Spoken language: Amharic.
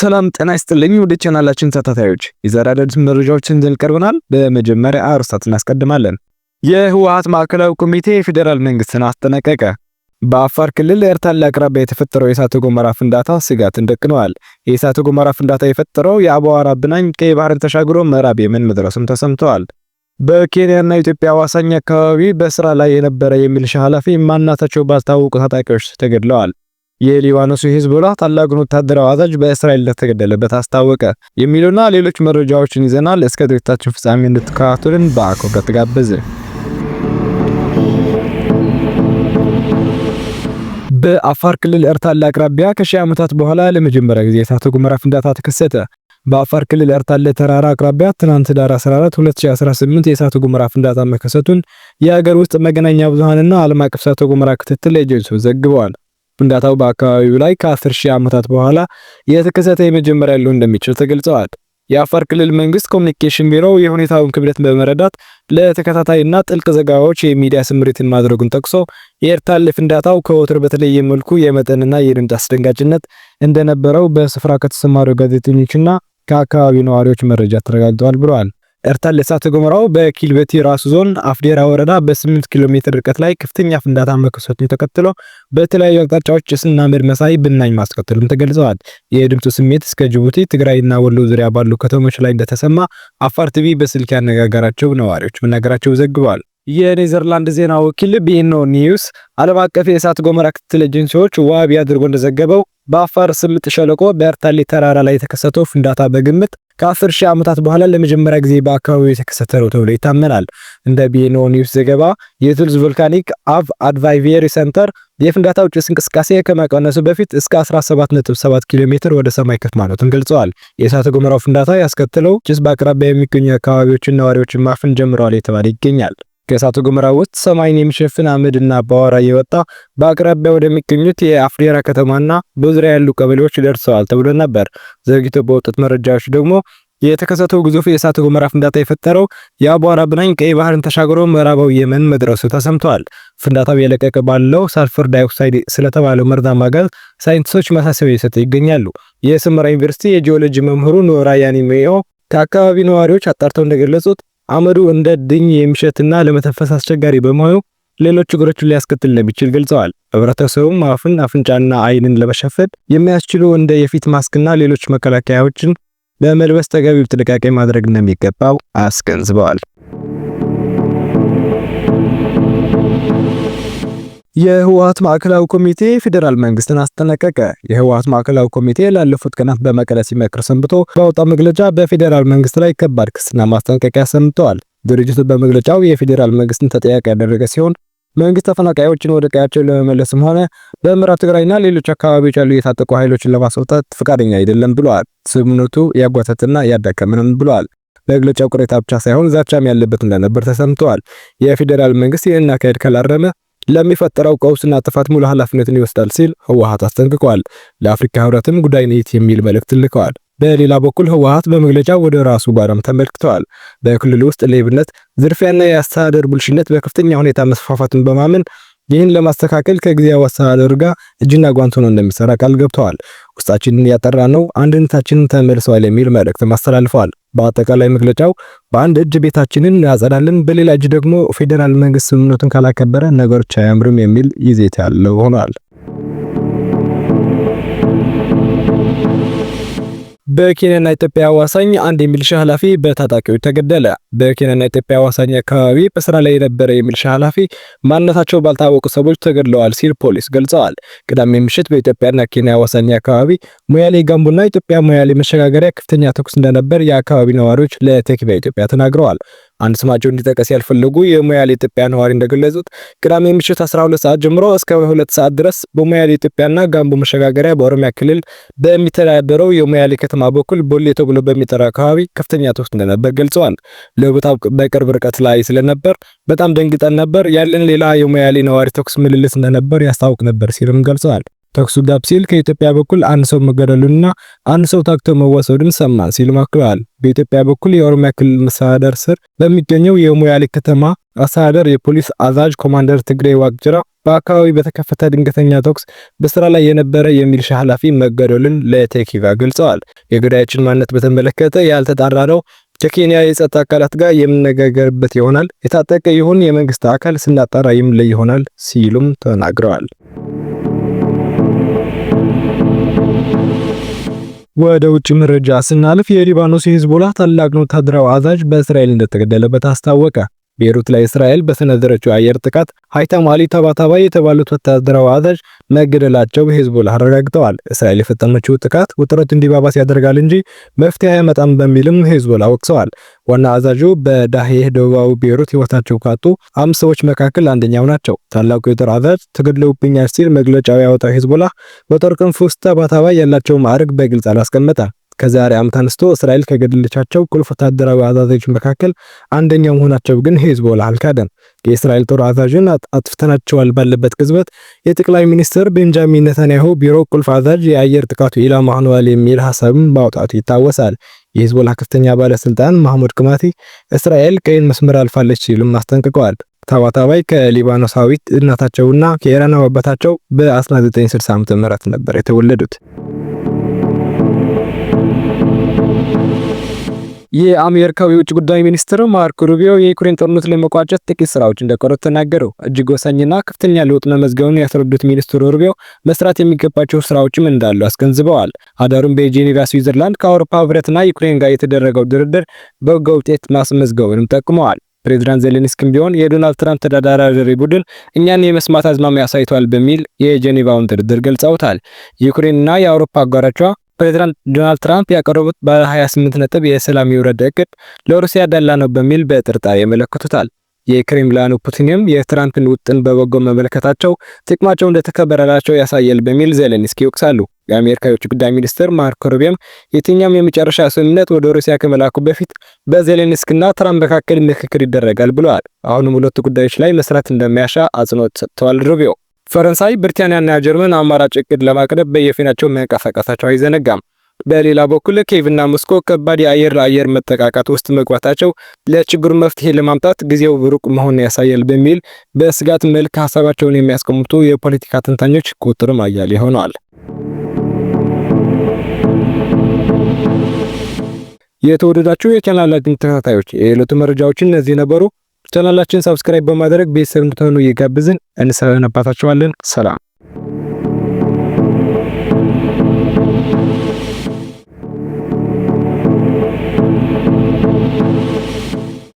ሰላም ጤና ይስጥልኝ ወደ ቻናላችን ተከታታዮች፣ የዛሬ አዳዲስ መረጃዎችን ይዘን ቀርበናል። በመጀመሪያ አርዕስታት እናስቀድማለን። የህወሓት ማዕከላዊ ኮሚቴ የፌዴራል መንግስትን አስጠነቀቀ። በአፋር ክልል ኤርታሌ አቅራቢያ የተፈጠረው የእሳተ ገሞራ ፍንዳታ ስጋትን ደቅነዋል። የእሳተ ገሞራ ፍንዳታ የፈጠረው የአቧራ ብናኝ ቀይ ባህርን ተሻግሮ ምዕራብ የመን መድረሱም ተሰምተዋል። በኬንያና ኢትዮጵያ አዋሳኝ አካባቢ በስራ ላይ የነበረ የሚሊሻ ኃላፊ ማናታቸው ባልታወቁ ታጣቂዎች ተገድለዋል። የሊባኖሱ ሂዝቦላህ ታላቁን ወታደራዊ አዛዥ በእስራኤል እንደተገደለበት አስታወቀ የሚሉና ሌሎች መረጃዎችን ይዘናል። እስከ ድርጅታችን ፍጻሜ እንድትከታተሉን በአክብሮት ተጋበዝን። በአፋር ክልል ኤርታሌ አቅራቢያ ከሺህ ዓመታት በኋላ ለመጀመሪያ ጊዜ የእሳተ ገሞራ ፍንዳታ ተከሰተ። በአፋር ክልል ኤርታሌ ተራራ አቅራቢያ ትናንት ዳር 14 2018 የእሳተ ገሞራ ፍንዳታ መከሰቱን የሀገር ውስጥ መገናኛ ብዙሃንና ዓለም አቀፍ እሳተ ገሞራ ክትትል ኤጀንሲዎች ዘግበዋል። ፍንዳታው በአካባቢው ላይ 10 ሺህ ዓመታት በኋላ የተከሰተ የመጀመሪያ ሊሆን እንደሚችል ተገልጸዋል። የአፋር ክልል መንግስት ኮሚኒኬሽን ቢሮ የሁኔታውን ክብደት በመረዳት ለተከታታይና ጥልቅ ዘገባዎች የሚዲያ ስምሪትን ማድረጉን ጠቅሶ የኤርታሌ ፍንዳታው ከወትር በተለየ መልኩ የመጠንና የድምፅ አስደንጋጭነት እንደነበረው በስፍራ ከተሰማሩ ጋዜጠኞችና ከአካባቢው ነዋሪዎች መረጃ ተረጋግጠዋል ብለዋል። ኤርታሌ እሳተ ገሞራው በኪልበቲ ራሱ ዞን አፍዴራ ወረዳ በ8 ኪሎ ሜትር ርቀት ላይ ከፍተኛ ፍንዳታ መከሰቱን ተከትሎ በተለያዩ አቅጣጫዎች ጭስና ምድር መሳይ ብናኝ ማስከተሉም ተገልጸዋል። የድምፁ ስሜት እስከ ጅቡቲ፣ ትግራይና ወሎ ዙሪያ ባሉ ከተሞች ላይ እንደተሰማ አፋር ቲቪ በስልክ ያነጋገራቸው ነዋሪዎች መናገራቸው ዘግበዋል። የኔዘርላንድ ዜና ወኪል ቢኤንኦ ኒውስ ዓለም አቀፍ የእሳተ ገሞራ ክትትል ኤጀንሲዎች ዋቢ አድርጎ እንደዘገበው በአፋር ስምጥ ሸለቆ በኤርታሌ ተራራ ላይ የተከሰተው ፍንዳታ በግምት ከ10 ሺህ ዓመታት በኋላ ለመጀመሪያ ጊዜ በአካባቢው የተከሰተ ነው ተብሎ ይታመናል። እንደ ቢኖ ኒውስ ዘገባ የቱልዝ ቮልካኒክ አቭ አድቫይቬሪ ሴንተር የፍንዳታው ጭስ እንቅስቃሴ ከመቀነሱ በፊት እስከ 17.7 ኪሎ ሜትር ወደ ሰማይ ከፍ ማለቱን ገልጸዋል። የእሳተ ገሞራው ፍንዳታ ያስከትለው ጭስ በአቅራቢያ የሚገኙ አካባቢዎችን ነዋሪዎችን ማፈን ጀምረዋል የተባለ ይገኛል። ከእሳተ ገሞራ ውስጥ ሰማይን የሚሸፍን አመድና አባዋራ የወጣ በአቅራቢያ ወደሚገኙት የአፍዴራ ከተማና በዙሪያ ያሉ ቀበሌዎች ደርሰዋል ተብሎ ነበር። ዘግይቶ በወጡት መረጃዎች ደግሞ የተከሰተው ግዙፍ የእሳተ ገሞራ ፍንዳታ የፈጠረው የአቧራ ብናኝ ቀይ ባህርን ተሻግሮ ምዕራባዊ የመን መድረሱ ተሰምቷል። ፍንዳታው የለቀቀ ባለው ሳልፈር ዳይኦክሳይድ ስለተባለው መርዛማ ጋዝ ሳይንቲስቶች ማሳሰቢያ እየሰጡ ይገኛሉ። የስመራ ዩኒቨርሲቲ የጂኦሎጂ መምህሩ ኖራ ያኒሜዮ ከአካባቢ ነዋሪዎች አጣርተው እንደገለጹት አመዱ እንደ ድኝ የሚሸትና ለመተንፈስ አስቸጋሪ በመሆኑ ሌሎች ችግሮችን ሊያስከትል እንደሚችል ገልጸዋል። ህብረተሰቡም አፍን፣ አፍንጫና አይንን ለመሸፈን የሚያስችሉ እንደ የፊት ማስክና ሌሎች መከላከያዎችን በመልበስ ተገቢው ጥንቃቄ ማድረግ እንደሚገባው አስገንዝበዋል። የህወሀት ማዕከላዊ ኮሚቴ ፌዴራል መንግስትን አስጠነቀቀ። የህወሀት ማዕከላዊ ኮሚቴ ላለፉት ቀናት በመቀለ ሲመክር ሰንብቶ ባወጣው መግለጫ በፌዴራል መንግስት ላይ ከባድ ክስና ማስጠንቀቂያ ሰምተዋል። ድርጅቱ በመግለጫው የፌዴራል መንግስትን ተጠያቂ ያደረገ ሲሆን መንግስት ተፈናቃዮችን ወደ ቀያቸው ለመመለስም ሆነ በምዕራብ ትግራይና ሌሎች አካባቢዎች ያሉ የታጠቁ ኃይሎችን ለማስወጣት ፈቃደኛ አይደለም ብለዋል። ስምምነቱ ያጓተትና ያዳከምንም ብለዋል። መግለጫው ቅሬታ ብቻ ሳይሆን ዛቻም ያለበት እንደነበር ተሰምተዋል። የፌዴራል መንግስት ይህን አካሄድ ካላረመ ለሚፈጠረው ቀውስና ጥፋት ሙሉ ኃላፊነትን ይወስዳል ሲል ህወሓት አስጠንቅቋል። ለአፍሪካ ህብረትም ጉዳይ ነይት የሚል መልእክት ልከዋል። በሌላ በኩል ህወሓት በመግለጫ ወደ ራሱ ባረም ተመልክተዋል። በክልል ውስጥ ሌብነት፣ ዝርፊያና የአስተዳደር ብልሽነት በከፍተኛ ሁኔታ መስፋፋትን በማመን ይህን ለማስተካከል ከጊዜያዊ አስተዳደር ጋር እጅና ጓንት ሆኖ እንደሚሰራ ቃል ገብተዋል። ውስጣችንን ያጠራ ነው፣ አንድነታችንን ተመልሰዋል የሚል መልእክት አስተላልፈዋል። በአጠቃላይ መግለጫው በአንድ እጅ ቤታችንን እናጸዳለን፣ በሌላ እጅ ደግሞ ፌዴራል መንግስት ስምምነቱን ካላከበረ ነገሮች አያምርም የሚል ይዘት ያለው ሆኗል። በኬንያና ኢትዮጵያ አዋሳኝ አንድ የሚሊሻ ኃላፊ በታጣቂዎች ተገደለ። በኬንያና ኢትዮጵያ አዋሳኝ አካባቢ በስራ ላይ የነበረ የሚሊሻ ኃላፊ ማንነታቸው ባልታወቁ ሰዎች ተገድለዋል ሲል ፖሊስ ገልጸዋል። ቅዳሜ ምሽት በኢትዮጵያና ኬንያ አዋሳኝ አካባቢ ሙያሌ ጋምቡና ኢትዮጵያ ሙያሌ መሸጋገሪያ ከፍተኛ ተኩስ እንደነበር የአካባቢ ነዋሪዎች ለቴክቪ ኢትዮጵያ ተናግረዋል። አንድ ስማቸው እንዲጠቀስ ያልፈለጉ የሞያሌ ኢትዮጵያ ነዋሪ እንደገለጹት ቅዳሜ ምሽት 12 ሰዓት ጀምሮ እስከ 2 ሰዓት ድረስ በሞያሌ ኢትዮጵያና ጋምቦ መሸጋገሪያ በኦሮሚያ ክልል በሚተዳደረው የሞያሌ ከተማ በኩል ቦሌ ተብሎ በሚጠራ አካባቢ ከፍተኛ ተኩስ እንደነበር ገልጸዋል። ለቦታው በቅርብ ርቀት ላይ ስለነበር በጣም ደንግጠን ነበር። ያለን ሌላ የሞያሌ ነዋሪ ተኩስ ምልልስ እንደነበር ያስታውቅ ነበር ሲልም ገልጸዋል። ተኩሱ ጋብ ሲል ከኢትዮጵያ በኩል አንድ ሰው መገደሉንና አንድ ሰው ታክቶ መወሰዱን ሰማን ሲሉ አክለዋል። በኢትዮጵያ በኩል የኦሮሚያ ክልል መስተዳደር ስር በሚገኘው የሞያሌ ከተማ አስተዳደር የፖሊስ አዛዥ ኮማንደር ትግሬ ዋቅጅራ በአካባቢ በተከፈተ ድንገተኛ ተኩስ በስራ ላይ የነበረ የሚልሻ ኃላፊ መገደሉን ለቴኪቫ ገልጸዋል። የገዳዮችን ማንነት በተመለከተ ያልተጣራ ነው ከኬንያ የጸጥታ አካላት ጋር የምነጋገርበት ይሆናል። የታጠቀ ይሁን የመንግስት አካል ስናጣራ የምንለይ ይሆናል ሲሉም ተናግረዋል። ወደ ውጭ መረጃ ስናልፍ የሊባኖስ የሂዝቦላ ታላቅ ወታደራዊ አዛዥ በእስራኤል እንደተገደለበት አስታወቀ። ቤሩት ላይ እስራኤል በሰነዘረችው የአየር ጥቃት ሃይታም አሊ ተባታባይ የተባሉት ወታደራዊ አዛዥ መገደላቸው በሂዝቦላ አረጋግጠዋል። እስራኤል የፈጸመችው ጥቃት ውጥረት እንዲባባስ ያደርጋል እንጂ መፍትሄ አያመጣም በሚልም ሂዝቦላ ወቅሰዋል። ዋና አዛዡ በዳሄህ ደቡባዊ ቤሩት ህይወታቸው ካጡ አምስት ሰዎች መካከል አንደኛው ናቸው። ታላቁ የጦር አዛዥ ተገድለውብኛል ሲል መግለጫው ያወጣው ሂዝቦላ በጦር ክንፍ ውስጥ ተባታባይ ያላቸው ማዕረግ በግልጽ አላስቀመጠም። ከዛሬ ዓመት አንስቶ እስራኤል ከገደለቻቸው ቁልፍ ወታደራዊ አዛዦች መካከል አንደኛው መሆናቸው ግን ሂዝቦላ አልካደም። የእስራኤል ጦር አዛዥን አጥፍተናቸዋል ባለበት ቅጽበት የጠቅላይ ሚኒስትር ቤንጃሚን ነታንያሁ ቢሮ ቁልፍ አዛዥ የአየር ጥቃቱ ኢላማ ሆነዋል የሚል ሀሳብን ማውጣቱ ይታወሳል። የሂዝቦላ ከፍተኛ ባለስልጣን ማህሙድ ቅማቲ እስራኤል ቀይን መስመር አልፋለች ሲሉም አስጠንቅቀዋል። ታዋታባይ ከሊባኖሳዊት እናታቸውና ከኢራናዊ አባታቸው በ1960 ዓ.ም ነበር የተወለዱት። የአሜሪካው የውጭ ጉዳይ ሚኒስትር ማርኮ ሩቢዮ የዩክሬን ጦርነት ለመቋጨት ጥቂት ስራዎች እንደቀሩት ተናገሩ። እጅግ ወሳኝና ከፍተኛ ለውጥ መመዝገቡን ያስረዱት ሚኒስትሩ ሩቢዮ መስራት የሚገባቸው ስራዎችም እንዳሉ አስገንዝበዋል። አዳሩም በጄኔቫ ስዊዘርላንድ ከአውሮፓ ህብረትና ዩክሬን ጋር የተደረገው ድርድር በጎ ውጤት ማስመዝገቡንም ጠቁመዋል። ፕሬዚዳንት ዜሌንስኪም ቢሆን የዶናልድ ትራምፕ ተደራዳሪ ቡድን እኛን የመስማት አዝማሚያ አሳይቷል በሚል የጄኔቫውን ድርድር ገልጸውታል። ዩክሬንና የአውሮፓ አጋሮቿ ፕሬዚዳንት ዶናልድ ትራምፕ ያቀረቡት ባለ 28 ነጥብ የሰላም ይውረድ እቅድ ለሩሲያ ዳላ ነው በሚል በጥርጣሬ መለከቱታል። የክሬምላኑ ፑቲንም የትራምፕን ውጥን በበጎ መመለከታቸው ጥቅማቸው እንደተከበረላቸው ያሳያል በሚል ዜሌንስኪ ይወቅሳሉ። የአሜሪካ የውጭ ጉዳይ ሚኒስትር ማርኮ ሩቢዮም የትኛውም የመጨረሻ ስምምነት ወደ ሩሲያ ከመላኩ በፊት በዜሌንስኪና ትራምፕ መካከል ምክክር ይደረጋል ብለዋል። አሁንም ሁለቱ ጉዳዮች ላይ መስራት እንደሚያሻ አጽንኦት ሰጥተዋል ሩቢዮ ፈረንሳይ፣ ብሪታንያና ጀርመን አማራጭ እቅድ ለማቅረብ በየፊናቸው መንቀሳቀሳቸው አይዘነጋም። በሌላ በኩል ኬቭና ሞስኮ ከባድ የአየር ለአየር መጠቃቃት ውስጥ መግባታቸው ለችግሩ መፍትሄ ለማምጣት ጊዜው ሩቅ መሆኑን ያሳያል በሚል በስጋት መልክ ሀሳባቸውን የሚያስቀምጡ የፖለቲካ ተንታኞች ቁጥርም አያሌ ሆነዋል። የተወደዳችሁ የቻናላችን ተከታታዮች የዕለቱ መረጃዎችን እነዚህ ነበሩ። ቻናላችን ሰብስክራይብ በማድረግ ቤተሰብ እንድትሆኑ እየጋበዝን እንሰናባታችኋለን። ሰላም